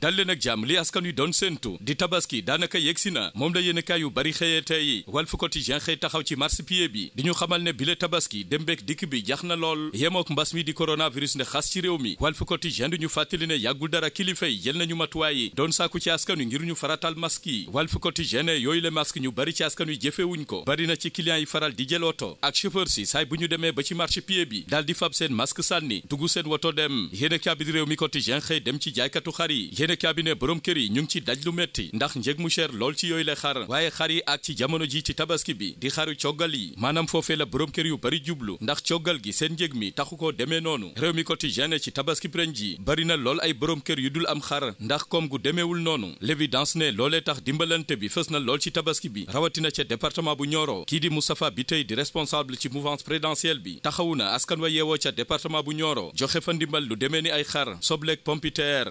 dal leen ak jàmm li askan wi doon séentu di tabaski daanaka yegsi na moom la yéenekaay yu bari xëyee tey Walf Quotidien xëy taxaw ci marché-pied bi di ñu xamal ne bile tabaski dem beek dikk bi jax na lool yemook mbas mi di coronavirus ne xas ci réew mi Walf Quotidien di ñu fàttali ne yàggul dara kilifa yi jël nañu matuwaay yi doon sàkku ci askan wi ngir ñu faratal masque yi Walf Quotidien ne yooyu le masque ñu bari ci askan wi jëfewuñ ko bari na ci clients yi faral di jël ak chauffeur si saay ñu demee ba ci marché-pied bi daal di fab seen masque sànni dugg seen woto dem yéenekaay bi réew mi Quotidien xëy dem ci jaaykatu xar yéene cabinet borom kër yi ñu ngi ci daj lu metti ndax njëg mu cher lool ci yooyu la xar waaye xar yi ak ci jamono ji ci tabaski bi di xaru coggal yi maanaam foofee la borom kër yu bari jublu ndax coggal gi seen njëg mi taxu koo demee noonu réew mi quotidien ci tabaski ren ji bari na lool ay borom kër yu dul am xar ndax koom gu demeewul noonu l'évidence ne loolee tax dimbalante bi fës na lool ci tabaski bi rawatina ca département bu Nioro kii di Moustapha Bitèye di responsable ci mouvance présidentielle bi taxawu na askan wa yeewoo ca département bu Nioro joxe fa lu demee ni ay xar sobleeg pompiteer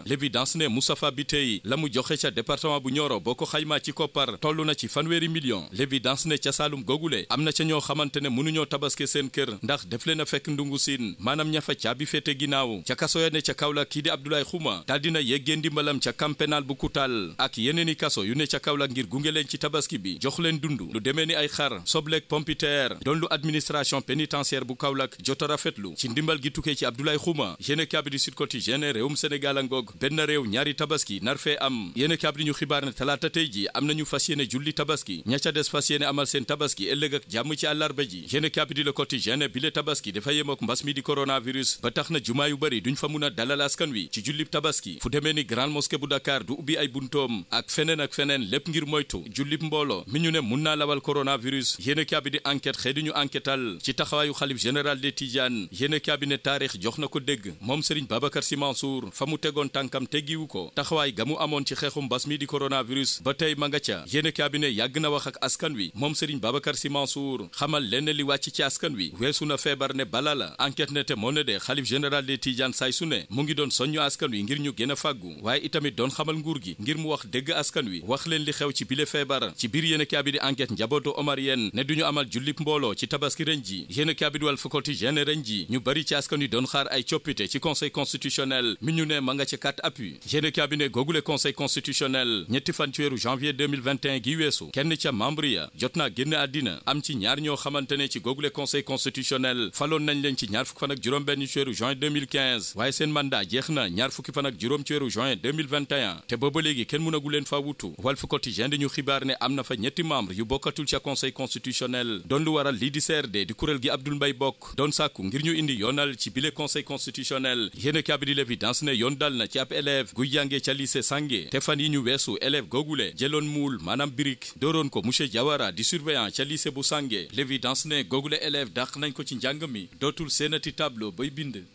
Moustapha Bitèye la mu joxe ca département bu ñoro boo ko xaymaa ci koppar toll na ci fanweeri million l'évidence ne ca Saalum googule am na ca ñoo xamante ne mënuñoo tabaske seen kër ndax def leen a fekk ndungu siin maanaam ña fa caabi féete ginnaaw ca kaso ya ne ca Kaolack kii di Abdoulaye Xuma daal dina yeggee ndimbalam ca camp bu Koutal ak yeneen i kaso yu ne ca Kaolack ngir gunge leen ci tabaski bi jox leen dund lu demee ni ay xar sobleek pompiteer doon lu administration pénitentiaire bu Kaolack jota rafetlu ci ndimbal gi tukkee ci Abdoulaye Xuma yéene kaabi di Sud Quotidien réewum Sénégal a ngoog réew ñaari tabaski nar fee am yéen kaab talaata tey ji am nañu fas yéene julli tabaski ña des fas yéene amal seen tabaski ëllëg ak jàmm ci àllarba ji yéen kaab na a dalal askan wi ci jullib tabaski fu demee ni grande mosquée bu Dakar du ubbi ay buntoom ak feneen ak feneen lépp ngir moytu jullib mbooloo mi ñu ne mun naa lawal coronavirus yéen kaab di enquête xëy di ñu enquêtal ci taxawaayu xalif général des Tidianes yéen kaab ne taarix jox na ko dégg moom Serigne Babacar Sy Mansour fa mu tegoon tànkam teggiwu ko taxawaay ga mu amoon ci xeexum mbas mi di coronavirus ba tey ma ca yéene cabinet yàgg na wax ak askan wi moom Serigne Babacar Sy Mansour xamal lenn li wàcc ci askan wi weesu na feebar ne bala la enquête ne te moo ne de xalif général des Tidiane say su ne mu ngi doon soññu askan wi ngir ñu gën a fàggu waaye itamit doon xamal nguur gi ngir mu wax dëgg askan wi wax leen li xew ci bile feebar ci biir yéene cabinet enquête njabootu omarienne ne duñu amal jullib mbooloo ci tabaski ren ji yéene ñu bari ci askan ci conseil constitutionnel mi ñu ne ma nga de cabinet googule conseil constitutionnel ñetti fan ci weeru janvier 2021 gi weesu kenn ca membre ya jot naa génn àddina am ñaar nañ leen ci ñaar fukki fan ak juróom-benn ci weeru juin 2015 waaye seen mandat jeex na ñaar fukki fan ak juróom ci weeru juin 2021 te booba léegi kenn mënagu leen fa wutu Walf Quotidien dañu xibaar ne am na fa ñetti membre yu bokkatul ca conseil constitutionnel doon lu waral lii di CRD di kuréel gi Abdoul Mbaye bokk doon sàkku ngir ñu indi yoonal ci bile conseil constitutionnel yéen a cabinet l'évidence ne yoon dal na ci ab élève jànge ca lycée Sange te fan yi ñu weesu élève googule jëloon muul maanaam birik dooroon ko monsieur Diawara di surveillant ca lycée bu Sange l'évidence ne googule élève dàq nañ ko ci njàng mi dootul seenati tableau bay bind